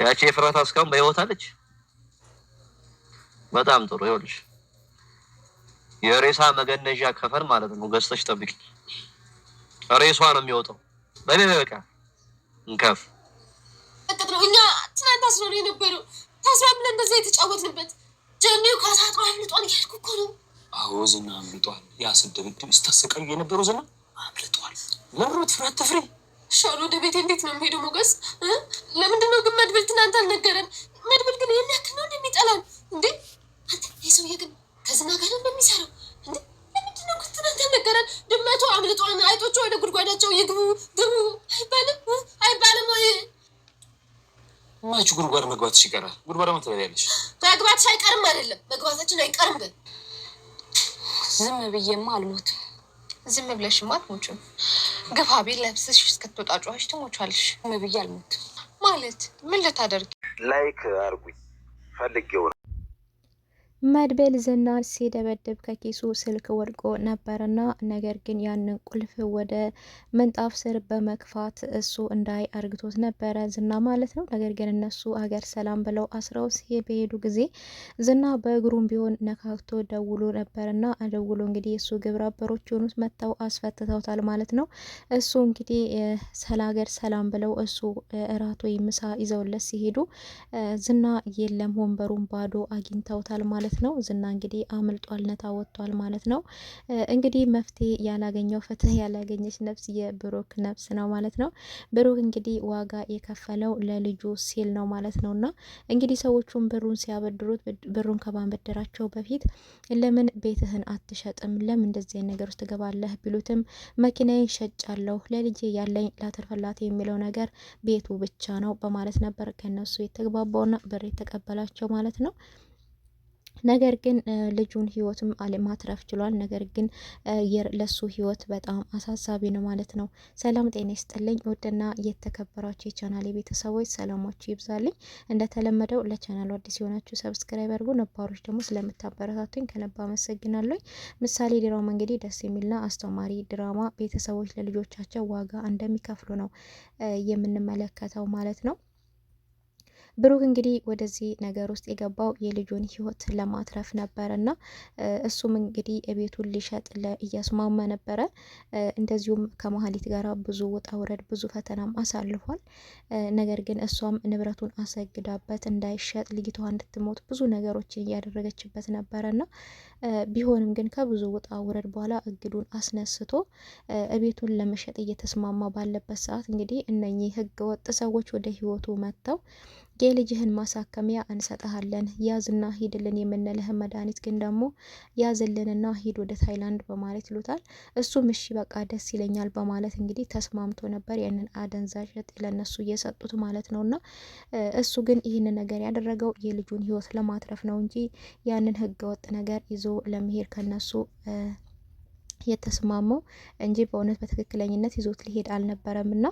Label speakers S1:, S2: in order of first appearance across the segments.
S1: ያቺ የፍራት እስካሁን በህይወት አለች። በጣም ጥሩ። ይኸውልሽ የሬሳ መገነዣ ከፈን ማለት ነው ገዝተሽ ጠብቂ። ሬሷ ነው የሚወጣው። በሌላ በቃ እንከፍ
S2: እኛ ትናንት አስሮ የነበረው ብለን እንደዛ የተጫወትንበት ጀኔው ከሳጥሮ አምልጧል እያልኩ እኮ ነው።
S3: አዎ ዝና አምልጧል። ያ ስደብድብ የነበረው ዝና አምልጧል። ፍራት
S2: ሻሉ ወደ ቤት እንዴት ነው የሚሄደው? ሞገስ ለምንድነው ትናንት አልነገረን። መድብል ግን ይህን ያክል ነው እንደሚጠላን እንዴ? አንተ ይህ ሰውዬ ግን ከዝና ጋር እንደሚሰራው እንዴ? ለምንድን ነው ትናንት አልነገረን? ድመቱ አምልጧን፣ አይጦቹ ወደ ጉድጓዳቸው ይግቡ ግቡ አይባልም አይባልም። ወይ?
S3: ማች ጉድጓድ መግባት ይቀራል? ጉድጓድ መትበያለሽ።
S2: መግባትሽ አይቀርም አይደለም መግባታችን አይቀርም። ግን ዝም ብዬማ አልሞትም።
S4: ዝም ብለሽማ አትሞችም። ግፋ ቤት ለብስሽ እስክትወጣ ጨዋሽ ትሞቻለሽ።
S2: ዝም ብዬ አልሞትም። ማለት ምን ልታደርግ ላይክ አርጉኝ
S5: ፈልጌው ነው መድብል ዝናን ሲደበድብ ከኪሱ ስልክ ወድቆ ነበርና ነገር ግን ያንን ቁልፍ ወደ ምንጣፍ ስር በመክፋት እሱ እንዳይ አርግቶት ነበረ ዝና ማለት ነው። ነገር ግን እነሱ ሀገር ሰላም ብለው አስረው በሄዱ ጊዜ ዝና በእግሩም ቢሆን ነካክቶ ደውሎ ነበርና ደውሎ እንግዲህ እሱ ግብረ አበሮች የሆኑት መጥተው አስፈትተውታል ማለት ነው። እሱ እንግዲህ ስለ ሀገር ሰላም ብለው እሱ እራት ወይም ምሳ ይዘውለት ሲሄዱ ዝና የለም ወንበሩን ባዶ አግኝተውታል ማለት ነው። ማለት ነው። ዝና እንግዲህ አምልጧል፣ ነታ ወጥቷል ማለት ነው። እንግዲህ መፍትሄ ያላገኘው ፍትህ ያላገኘች ነፍስ የብሩክ ነፍስ ነው ማለት ነው። ብሩክ እንግዲህ ዋጋ የከፈለው ለልጁ ሲል ነው ማለት ነው። እና እንግዲህ ሰዎቹን ብሩን ሲያበድሩት ብሩን ከማበደራቸው በፊት ለምን ቤትህን አትሸጥም? ለምን እንደዚህ ነገር ውስጥ ትገባለህ? ቢሉትም መኪናዬን ሸጫለሁ ለልጄ ያለኝ ላተርፈላት የሚለው ነገር ቤቱ ብቻ ነው በማለት ነበር ከነሱ የተግባባውና ብር የተቀበላቸው ማለት ነው። ነገር ግን ልጁን ህይወትም ማትረፍ ችሏል። ነገር ግን ለሱ ህይወት በጣም አሳሳቢ ነው ማለት ነው። ሰላም ጤና ይስጥልኝ ውድና የተከበራችሁ የቻናል ቤተሰቦች ሰላማችሁ ይብዛልኝ። እንደተለመደው ለቻናሉ አዲስ የሆናችሁ ሰብስክራይብ አድርጉ፣ ነባሮች ደግሞ ስለምታበረታቱኝ ከነባ አመሰግናለሁ። ምሳሌ ድራማ እንግዲህ ደስ የሚልና አስተማሪ ድራማ ቤተሰቦች ለልጆቻቸው ዋጋ እንደሚከፍሉ ነው የምንመለከተው ማለት ነው። ብሩክ እንግዲህ ወደዚህ ነገር ውስጥ የገባው የልጁን ህይወት ለማትረፍ ነበረ እና እሱም እንግዲህ ቤቱን ሊሸጥ እያስማማ ነበረ። እንደዚሁም ከመሀሊት ጋር ብዙ ውጣ ውረድ፣ ብዙ ፈተናም አሳልፏል። ነገር ግን እሷም ንብረቱን አሰግዳበት እንዳይሸጥ ልጅቷ እንድትሞት ብዙ ነገሮችን እያደረገችበት ነበረ እና ቢሆንም ግን ከብዙ ውጣ ውረድ በኋላ እግዱን አስነስቶ ቤቱን ለመሸጥ እየተስማማ ባለበት ሰዓት እንግዲህ እነኚህ ህገ ወጥ ሰዎች ወደ ህይወቱ መጥተው የልጅህን ማሳከሚያ እንሰጠሃለን ያዝና ሂድልን የምንልህን መድኃኒት ግን ደግሞ ያዝልንና ሂድ ወደ ታይላንድ በማለት ይሉታል። እሱም እሺ በቃ ደስ ይለኛል በማለት እንግዲህ ተስማምቶ ነበር ያንን አደንዛዥ እጽ ለነሱ እየሰጡት ማለት ነውና እሱ ግን ይህን ነገር ያደረገው የልጁን ህይወት ለማትረፍ ነው እንጂ ያንን ህገወጥ ነገር ይዞ ለመሄድ ከነሱ የተስማመው እንጂ በእውነት በትክክለኝነት ይዞት ሊሄድ አልነበረም እና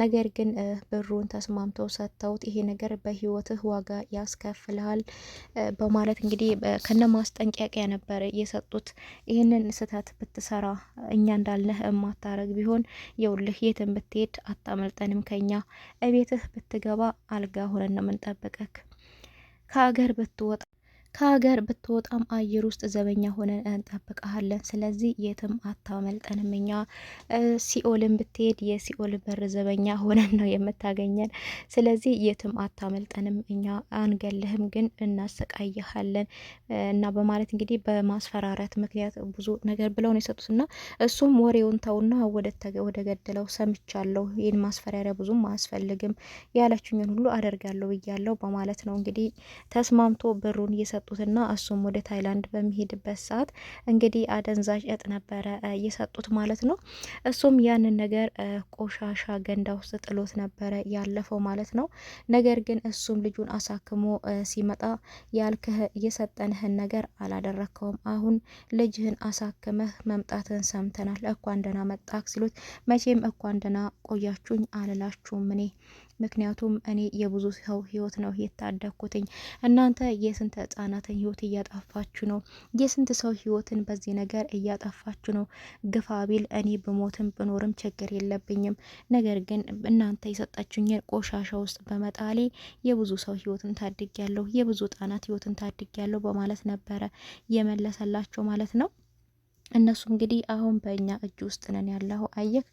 S5: ነገር ግን ብሩን ተስማምተው ሰጥተውት ይሄ ነገር በህይወትህ ዋጋ ያስከፍልሃል በማለት እንግዲህ ከነ ማስጠንቀቂያ ነበር የሰጡት። ይህንን ስህተት ብትሰራ እኛ እንዳልነህ እማታረግ ቢሆን የውልህ የትን ብትሄድ አታመልጠንም ከኛ እቤትህ ብትገባ አልጋ ሆነን ነው የምንጠብቅህ ከሀገር ብትወጣ ከሀገር ብትወጣም አየር ውስጥ ዘበኛ ሆነን እንጠብቀሃለን። ስለዚህ የትም አታመልጠንም። እኛ ሲኦልን ብትሄድ የሲኦል በር ዘበኛ ሆነን ነው የምታገኘን። ስለዚህ የትም አታመልጠንም። እኛ አንገልህም፣ ግን እናሰቃይሃለን እና በማለት እንግዲህ በማስፈራራት ምክንያት ብዙ ነገር ብለው ነው የሰጡት እና እሱም ወሬውን ተውና ወደ ገደለው ሰምቻለሁ፣ ይህን ማስፈራሪያ ብዙም አያስፈልግም፣ ያለችኝን ሁሉ አደርጋለሁ ብያለሁ በማለት ነው እንግዲህ ተስማምቶ ብሩን እየሰጡ የሰጡትና እሱም ወደ ታይላንድ በሚሄድበት ሰዓት እንግዲህ አደንዛዥ እጽ ነበረ የሰጡት ማለት ነው። እሱም ያንን ነገር ቆሻሻ ገንዳ ውስጥ ጥሎት ነበረ ያለፈው ማለት ነው። ነገር ግን እሱም ልጁን አሳክሞ ሲመጣ ያልክህ የሰጠንህን ነገር አላደረግከውም፣ አሁን ልጅህን አሳክመህ መምጣትን ሰምተናል፣ እኳ እንደና መጣክ ሲሉት መቼም እኳ እንደና ቆያችሁኝ አልላችሁም እኔ ምክንያቱም እኔ የብዙ ሰው ህይወት ነው የታደግኩትኝ። እናንተ የስንት ህጻናትን ህይወት እያጠፋችሁ ነው? የስንት ሰው ህይወትን በዚህ ነገር እያጠፋችሁ ነው? ግፋ ቢል እኔ ብሞትም ብኖርም ችግር የለብኝም። ነገር ግን እናንተ የሰጣችሁኝን ቆሻሻ ውስጥ በመጣሌ የብዙ ሰው ህይወትን ታድግ ያለሁ የብዙ ህጻናት ህይወትን ታድግ ያለሁ በማለት ነበረ የመለሰላቸው ማለት ነው። እነሱ እንግዲህ አሁን በእኛ እጅ ውስጥ ነን ያለው። አየህ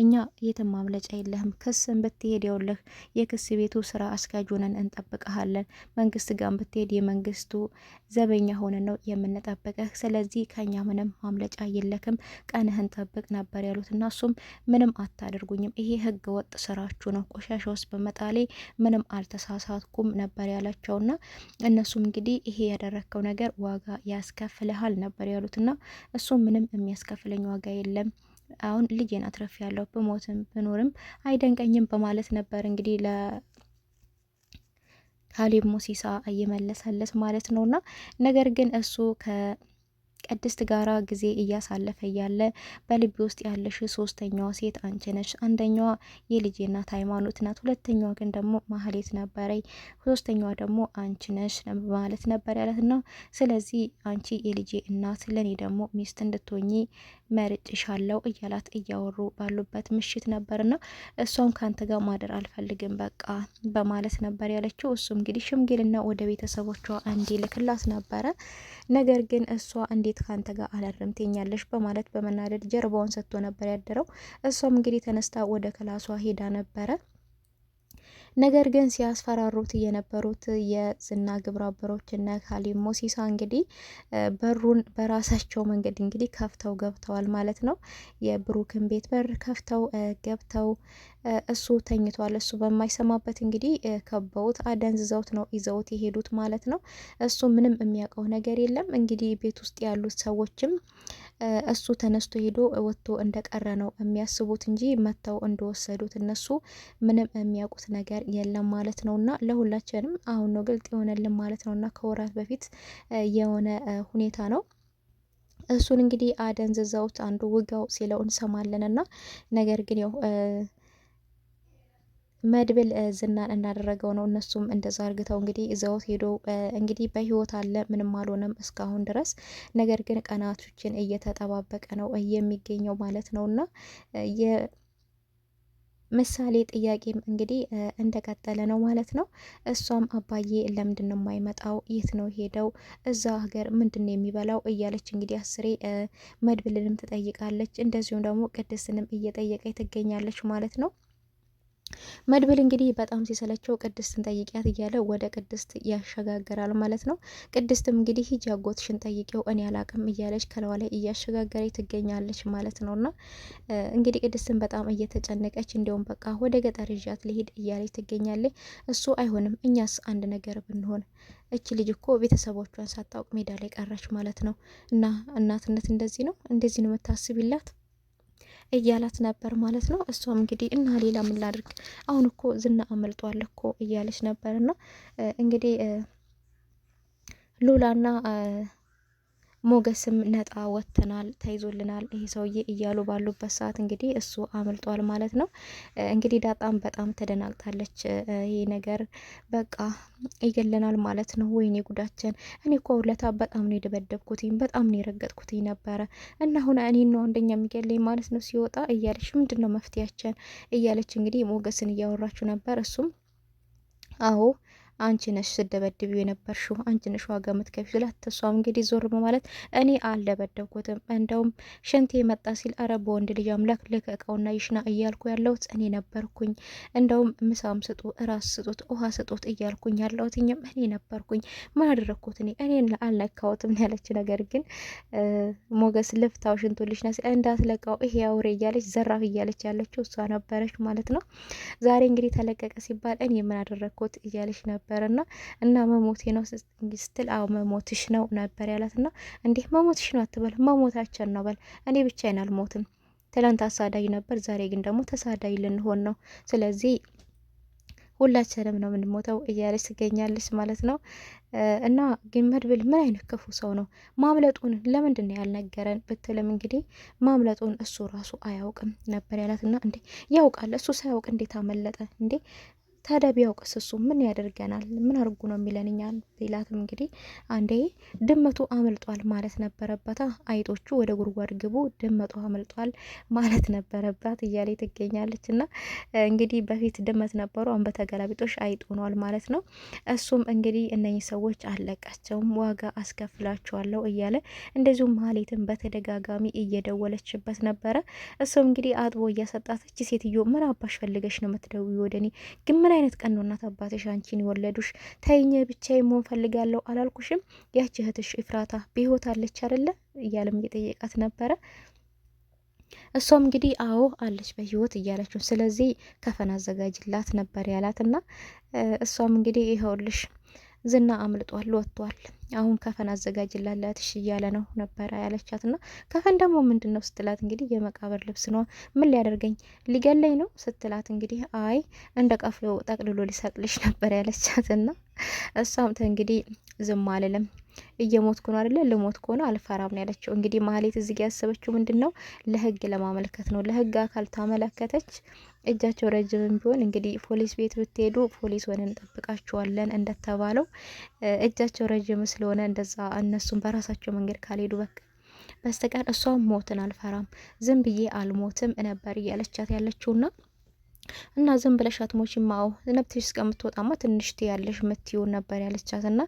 S5: እኛ የትም ማምለጫ የለህም። ክስን ብትሄድ የውልህ የክስ ቤቱ ስራ አስኪያጅ ሆነን እንጠብቀሃለን። መንግስት ጋር ብትሄድ የመንግስቱ ዘበኛ ሆነን ነው የምንጠብቀህ። ስለዚህ ከኛ ምንም ማምለጫ የለክም፣ ቀንህን ጠብቅ ነበር ያሉት እና እሱም ምንም አታደርጉኝም፣ ይሄ ህገ ወጥ ስራችሁ ነው፣ ቆሻሻ ውስጥ በመጣሌ ምንም አልተሳሳትኩም ነበር ያላቸውና እነሱም እንግዲህ ይሄ ያደረግከው ነገር ዋጋ ያስከፍልሃል ነበር ያሉትና እሱ ምንም የሚያስከፍለኝ ዋጋ የለም። አሁን ልጄን አትረፍ ያለው ብሞትም ብኖርም አይደንቀኝም በማለት ነበር እንግዲህ ለ ካሌብ ሙሲሳ እየመለሰለት ማለት ነውና ነገር ግን እሱ ከ ቅድስት ጋራ ጊዜ እያሳለፈ እያለ በልቤ ውስጥ ያለሽ ሶስተኛዋ ሴት አንቺ ነሽ። አንደኛዋ የልጄ እናት ሃይማኖት ናት። ሁለተኛዋ ግን ደግሞ ማህሌት ነበረኝ። ሶስተኛዋ ደግሞ አንቺ ነሽ ማለት ነበር ያለት ነው። ስለዚህ አንቺ የልጄ እናት ለእኔ ደግሞ ሚስት እንድትሆኚ መርጬሻለሁ እያላት እያወሩ ባሉበት ምሽት ነበርና እሷም ከአንተ ጋር ማደር አልፈልግም በቃ በማለት ነበር ያለችው። እሱም እንግዲህ ሽምግልና ወደ ቤተሰቦቿ እንዲልክላት ነበረ። ነገር ግን እሷ እንዴት ከአንተ ጋር አላድርም ትኛለሽ በማለት በመናደድ ጀርባውን ሰጥቶ ነበር ያደረው። እሷም እንግዲህ ተነስታ ወደ ክላሷ ሄዳ ነበረ። ነገር ግን ሲያስፈራሩት የነበሩት የዝና ግብረ እነ ሞሲሳ እንግዲህ በሩን በራሳቸው መንገድ እንግዲህ ከፍተው ገብተዋል ማለት ነው። የብሩክን ቤት በር ከፍተው ገብተው እሱ ተኝቷል። እሱ በማይሰማበት እንግዲህ ከበውት አደንዝዘውት ነው ይዘውት የሄዱት ማለት ነው። እሱ ምንም የሚያውቀው ነገር የለም። እንግዲህ ቤት ውስጥ ያሉት ሰዎችም እሱ ተነስቶ ሄዶ ወጥቶ እንደቀረ ነው የሚያስቡት እንጂ መጥተው እንደወሰዱት እነሱ ምንም የሚያውቁት ነገር የለም ማለት ነው። እና ለሁላችንም አሁን ነው ግልጥ የሆነልን ማለት ነው። እና ከወራት በፊት የሆነ ሁኔታ ነው። እሱን እንግዲህ አደንዝዘውት አንዱ ውጋው ሲለው እንሰማለን እና ነገር ግን ያው መድብል ዝናን እናደረገው ነው። እነሱም እንደዛ አርግተው እንግዲህ ይዘውት ሄዶ እንግዲህ በህይወት አለ ምንም አልሆነም እስካሁን ድረስ ነገር ግን ቀናቶችን እየተጠባበቀ ነው የሚገኘው ማለት ነው እና ምሳሌ ጥያቄም እንግዲህ እንደቀጠለ ነው ማለት ነው። እሷም አባዬ ለምንድን ነው የማይመጣው? የት ነው ሄደው? እዛ ሀገር ምንድን ነው የሚበላው? እያለች እንግዲህ አስሬ መድብልንም ትጠይቃለች። እንደዚሁም ደግሞ ቅድስትንም እየጠየቀች ትገኛለች ማለት ነው። መድብል እንግዲህ በጣም ሲሰለቸው ቅድስትን ጠይቂያት እያለ ወደ ቅድስት ያሸጋግራል ማለት ነው። ቅድስትም እንግዲህ ሂጂ አጎትሽን ጠይቂው እኔ አላቅም እያለች ከለዋ ላይ እያሸጋገረ ትገኛለች ማለት ነው። እና እንግዲህ ቅድስትን በጣም እየተጨነቀች እንዲሁም በቃ ወደ ገጠር ይዣት ልሂድ እያለች ትገኛለች። እሱ አይሆንም፣ እኛስ አንድ ነገር ብንሆን እች ልጅ እኮ ቤተሰቦቿን ሳታውቅ ሜዳ ላይ ቀረች ማለት ነው። እና እናትነት እንደዚህ ነው፣ እንደዚህ ነው መታስቢላት እያላት ነበር ማለት ነው። እሷም እንግዲህ እና ሌላ ምን ላድርግ አሁን እኮ ዝና አመልጧል እኮ እያለች ነበር እና እንግዲህ ሉላና ሞገስም ነጣ ወጥተናል፣ ተይዞልናል ይሄ ሰውዬ እያሉ ባሉበት ሰዓት እንግዲህ እሱ አምልጧል ማለት ነው። እንግዲህ ዳጣም በጣም ተደናግጣለች። ይሄ ነገር በቃ ይገለናል ማለት ነው። ወይኔ ጉዳችን! እኔ እኮ ውለታ በጣም ነው የደበደብኩትኝ፣ በጣም ነው የረገጥኩትኝ ነበረ እና አሁን እኔ ነው አንደኛ የሚገለኝ ማለት ነው ሲወጣ እያለች ምንድን ነው መፍትያችን እያለች እንግዲህ ሞገስን እያወራችሁ ነበር እሱም አዎ አንቺ ነሽ ስደበድቢው የነበርሽው፣ አንቺ ነሽ ዋጋ የምትከፍይው ሲላት ተሷም እንግዲህ ዞር በማለት እኔ አልደበደብኩትም፣ እንደውም ሽንቴ መጣ ሲል አረ በወንድ ልጅ አምላክ ልቀቀውና ይሽና እያልኩ ያለሁት እኔ ነበርኩኝ። እንደውም ምሳም ስጡ፣ እራስ ስጡት፣ ውሃ ስጡት እያልኩኝ ያለሁትኝም እኔ ነበርኩኝ። ምን አደረግኩት እኔ እኔን አልነካሁትም ያለች ነገር ግን ሞገስ ልፍታው ሽንቱ ልጅ ና እንዳትለቃው ይሄ አውሬ እያለች ዘራፍ እያለች ያለችው እሷ ነበረች ማለት ነው። ዛሬ እንግዲህ ተለቀቀ ሲባል እኔ ምን አደረግኩት እያለች ነበር ነበር እና መሞቴ ነው ስትል አዎ መሞትሽ ነው ነበር ያላትና እና እንዲህ መሞትሽ ነው አትበል፣ መሞታችን ነው በል። እኔ ብቻዬን አልሞትም። ትላንት አሳዳጅ ነበር፣ ዛሬ ግን ደግሞ ተሳዳጅ ልንሆን ነው። ስለዚህ ሁላችንም ነው የምንሞተው እያለች ትገኛለች ማለት ነው። እና ግን መድብል ምን አይነት ክፉ ሰው ነው? ማምለጡን ለምንድን ነው ያልነገረን ብትልም እንግዲህ ማምለጡን እሱ ራሱ አያውቅም ነበር ያላትና እንዴ ያውቃል። እሱ ሳያውቅ እንዴት አመለጠ እንዴ? ታዲያ ቢያውቅስ እሱ ምን ያደርገናል? ምን አድርጉ ነው የሚለን እኛን? ቢላትም እንግዲህ አንዴ ድመቱ አምልጧል ማለት ነበረበት። አይጦቹ ወደ ጉድጓድ ግቡ፣ ድመቱ አምልጧል ማለት ነበረባት እያለ ትገኛለች። እና እንግዲህ በፊት ድመት ነበሩ፣ አሁን በተገላቢጦሽ አይጥ ሆኗል ማለት ነው። እሱም እንግዲህ እነኚህ ሰዎች አለቃቸውም ዋጋ አስከፍላቸዋለሁ እያለ እንደዚሁም ማህሌትን በተደጋጋሚ እየደወለችበት ነበረ። እሱም እንግዲህ አጥቦ እያሰጣት እች ሴትዮ ምን አባሽ ፈልገሽ ነው የምትደውዪ ወደ እኔ ግን ምን አይነት ቀን ነው እናት አባትሽ አንቺን የወለዱሽ? ተይኝ ብቻዬን መሆን ፈልጋለሁ አላልኩሽም? ያቺ እህትሽ ኢፍራታ በህይወት አለች አይደለ? እያለም እየጠየቃት ነበረ። እሷም እንግዲህ አዎ አለች በህይወት እያለችው፣ ስለዚህ ከፈን አዘጋጅላት ነበር ያላት እና እሷም እንግዲህ ይኸውልሽ ዝና አምልጧል ወጥቷል። አሁን ከፈን አዘጋጅላላት እሺ እያለ ነው ነበረ ያለቻት እና ከፈን ደግሞ ምንድን ነው ስትላት እንግዲህ የመቃብር ልብስ ነው ምን ሊያደርገኝ ሊገለኝ ነው ስትላት እንግዲህ አይ እንደ ቀፍሎ ጠቅልሎ ሊሰቅልሽ ነበር ያለቻት እና እሷም እንግዲህ ዝም አልልም እየሞትኩ ነው አይደለ ልሞት ከሆነ አልፈራም ነው ያለችው። እንግዲህ ማህሌት እዚህ ያሰበችው ምንድን ነው ለህግ ለማመልከት ነው። ለህግ አካል ታመለከተች እጃቸው ረጅምም ቢሆን እንግዲህ ፖሊስ ቤት ብትሄዱ ፖሊስ ሆነን እንጠብቃችኋለን እንደተባለው እጃቸው ረጅም ስለሆነ እንደዛ እነሱም በራሳቸው መንገድ ካልሄዱ በቃ በስተቀር እሷም ሞትን አልፈራም ዝም ብዬ አልሞትም ነበር እያለቻት ያለችውና እና ዝም ብለሽ አትሞቺም? አዎ ነብትሽ እስከምትወጣማ ትንሽ ትያለሽ ምትዩ ነበር ያለቻት። ና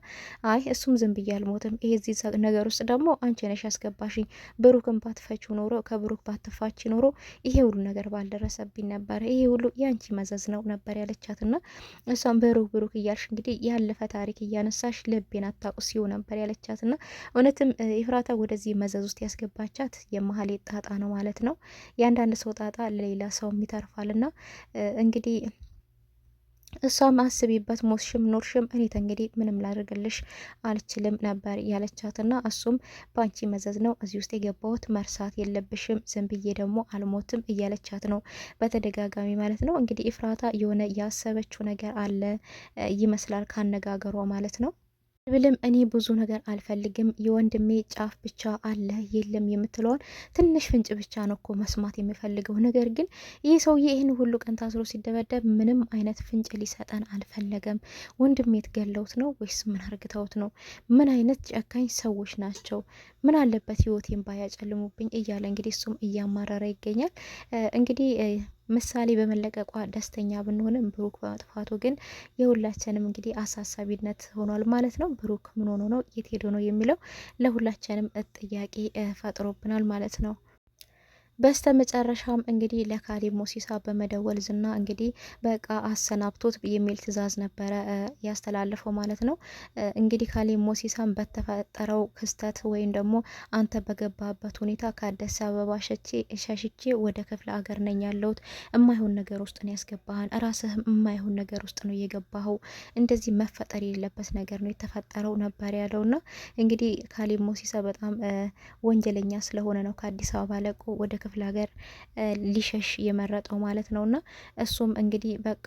S5: አይ እሱም ዝም ብዬ አልሞትም። ይሄ እዚህ ነገር ውስጥ ደግሞ አንቺ ነሽ ያስገባሽኝ። ብሩክን ባትፈችው ኖሮ ከብሩክ ባትፋች ኖሮ ይሄ ሁሉ ነገር ባልደረሰብኝ ነበር። ይሄ ሁሉ የአንቺ መዘዝ ነው ነበር ያለቻት። ና እሷም ብሩክ ብሩክ እያልሽ እንግዲህ ያለፈ ታሪክ እያነሳሽ ልቤን አታቁሲው ነበር ያለቻት። ና እውነትም ኤፍራታ ወደዚህ መዘዝ ውስጥ ያስገባቻት የመሀሌ ጣጣ ነው ማለት ነው። የአንዳንድ ሰው ጣጣ ለሌላ ሰውም ይተርፋል ና እንግዲህ እሷም አስቢበት ሞትሽም ኖርሽም እኔ እንግዲህ ምንም ላደርግልሽ አልችልም ነበር ያለቻትና እሱም በአንቺ መዘዝ ነው እዚህ ውስጥ የገባሁት መርሳት የለብሽም ዝም ብዬ ደግሞ አልሞትም እያለቻት ነው በተደጋጋሚ ማለት ነው። እንግዲህ ኢፍራታ የሆነ ያሰበችው ነገር አለ ይመስላል ካነጋገሯ ማለት ነው። ብልም እኔ ብዙ ነገር አልፈልግም የወንድሜ ጫፍ ብቻ አለ የለም የምትለውን ትንሽ ፍንጭ ብቻ ነው እኮ መስማት የሚፈልገው። ነገር ግን ይህ ሰውዬ ይህን ሁሉ ቀን ታስሮ ሲደበደብ ምንም አይነት ፍንጭ ሊሰጠን አልፈለገም። ወንድሜ የትገለውት ነው ወይስ ምን አርግተውት ነው? ምን አይነት ጨካኝ ሰዎች ናቸው? ምን አለበት ህይወቴን ባያጨልሙብኝ እያለ እንግዲህ እሱም እያማረረ ይገኛል እንግዲህ ምሳሌ በመለቀቋ ደስተኛ ብንሆንም ብሩክ በመጥፋቱ ግን የሁላችንም እንግዲህ አሳሳቢነት ሆኗል ማለት ነው። ብሩክ ምን ሆኖ ነው የት ሄዶ ነው የሚለው ለሁላችንም ጥያቄ ፈጥሮብናል ማለት ነው። በስተ መጨረሻም እንግዲህ ለካሌብ ሞሲሳ በመደወል ዝና እንግዲህ በቃ አሰናብቶት የሚል ትዕዛዝ ነበረ ያስተላለፈው ማለት ነው። እንግዲህ ካሌብ ሞሲሳን በተፈጠረው ክስተት ወይም ደግሞ አንተ በገባበት ሁኔታ ከአዲስ አበባ ሸሽቼ ወደ ክፍለ አገር ነኝ ያለሁት። እማይሆን ነገር ውስጥ ነው ያስገባህን። ራስህ የማይሆን ነገር ውስጥ ነው የገባኸው። እንደዚህ መፈጠር የሌለበት ነገር ነው የተፈጠረው ነበር ያለው እና እንግዲህ ካሌብ ሞሲሳ በጣም ወንጀለኛ ስለሆነ ነው ከአዲስ አበባ ለቆ ወደ ክፍለ ሀገር ሊሸሽ የመረጠው ማለት ነው። እና እሱም እንግዲህ በቃ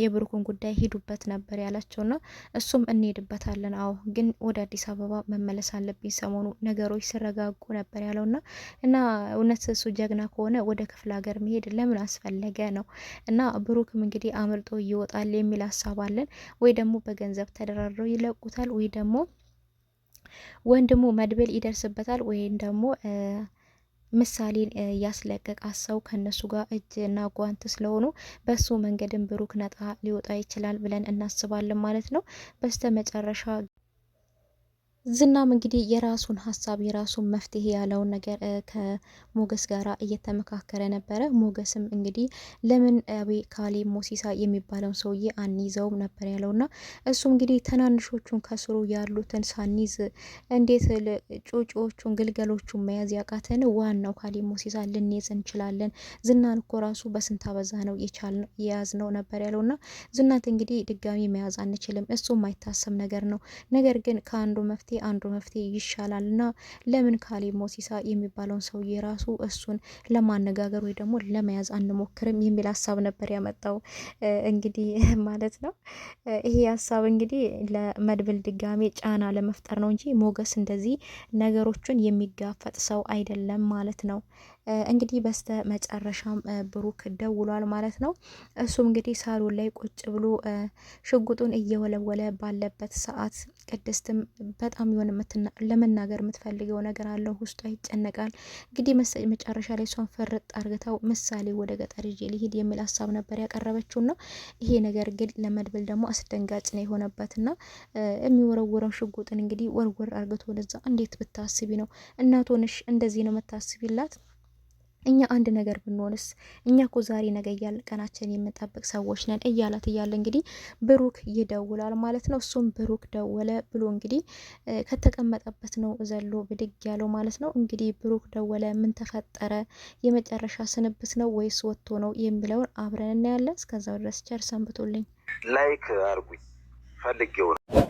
S5: የብሩክን ጉዳይ ሂዱበት ነበር ያላቸው ና እሱም እንሄድበታለን፣ አዎ ግን ወደ አዲስ አበባ መመለስ አለብኝ ሰሞኑ ነገሮች ሲረጋጉ ነበር ያለው ና እና እውነት እሱ ጀግና ከሆነ ወደ ክፍለ ሀገር መሄድ ለምን አስፈለገ ነው እና ብሩክም እንግዲህ አምልጦ ይወጣል የሚል ሀሳብ አለን ወይ ደግሞ በገንዘብ ተደራድረው ይለቁታል ወይ ደግሞ ወንድሙ መድብል ይደርስበታል ወይም ደግሞ ምሳሌን ያስለቀቃት ሰው ከነሱ ጋር እጅ እና ጓንት ስለሆኑ በሱ መንገድን ብሩክ ነጣ ሊወጣ ይችላል ብለን እናስባለን ማለት ነው። በስተ መጨረሻ ዝናም እንግዲህ የራሱን ሀሳብ የራሱን መፍትሄ ያለውን ነገር ከሞገስ ጋር እየተመካከረ ነበረ። ሞገስም እንግዲህ ለምን አቤ ካሌ ሞሲሳ የሚባለውን ሰውዬ አንይዘውም ነበር ያለውና እሱም እንግዲህ ትናንሾቹን ከስሩ ያሉትን ሳኒዝ እንዴት ጩጩዎቹን ግልገሎቹን መያዝ ያቃተን ዋናው ካሌ ሞሲሳ ልንይዝ እንችላለን። ዝናን እኮ ራሱ በስንት አበዛ ነው የያዝ ነው ነበር ያለውና ዝናት እንግዲህ ድጋሚ መያዝ አንችልም፣ እሱም አይታሰብ ነገር ነው። ነገር ግን ከአንዱ መፍትሄ መፍትሄ አንዱ መፍትሄ ይሻላል እና ለምን ካሌብ ሞሲሳ የሚባለውን ሰውዬ ራሱ እሱን ለማነጋገር ወይ ደግሞ ለመያዝ አንሞክርም የሚል ሀሳብ ነበር ያመጣው። እንግዲህ ማለት ነው ይሄ ሀሳብ እንግዲህ ለመድብል ድጋሜ ጫና ለመፍጠር ነው እንጂ ሞገስ እንደዚህ ነገሮችን የሚጋፈጥ ሰው አይደለም ማለት ነው። እንግዲህ በስተ መጨረሻም ብሩክ ደውሏል ማለት ነው። እሱም እንግዲህ ሳሎን ላይ ቁጭ ብሎ ሽጉጡን እየወለወለ ባለበት ሰዓት ቅድስትም በጣም የሆነ ለመናገር የምትፈልገው ነገር አለው፣ ውስጧ ይጨነቃል። እንግዲህ መጨረሻ ላይ እሷን ፈርጥ አርግተው ምሳሌ ወደ ገጠር ይዤ ሊሄድ የሚል ሀሳብ ነበር ያቀረበችውና ይሄ ነገር ግን ለመድብል ደግሞ አስደንጋጭ ነው የሆነበትና የሚወረውረው ሽጉጥን እንግዲህ ወርወር አርግቶ ወደዛ እንዴት ብታስቢ ነው እናቶንሽ እንደዚህ ነው የምታስቢላት እኛ አንድ ነገር ብንሆንስ? እኛ እኮ ዛሬ ነገ እያል ቀናችን የምንጠብቅ ሰዎች ነን እያላት እያለ እንግዲህ ብሩክ ይደውላል ማለት ነው። እሱም ብሩክ ደወለ ብሎ እንግዲህ ከተቀመጠበት ነው ዘሎ ብድግ ያለው ማለት ነው። እንግዲህ ብሩክ ደወለ፣ ምን ተፈጠረ? የመጨረሻ ስንብት ነው ወይስ ወጥቶ ነው የሚለውን አብረን እናያለን። እስከዛው ድረስ ቸር ሰንብቶልኝ። ላይክ አርጉኝ ፈልጌው ነው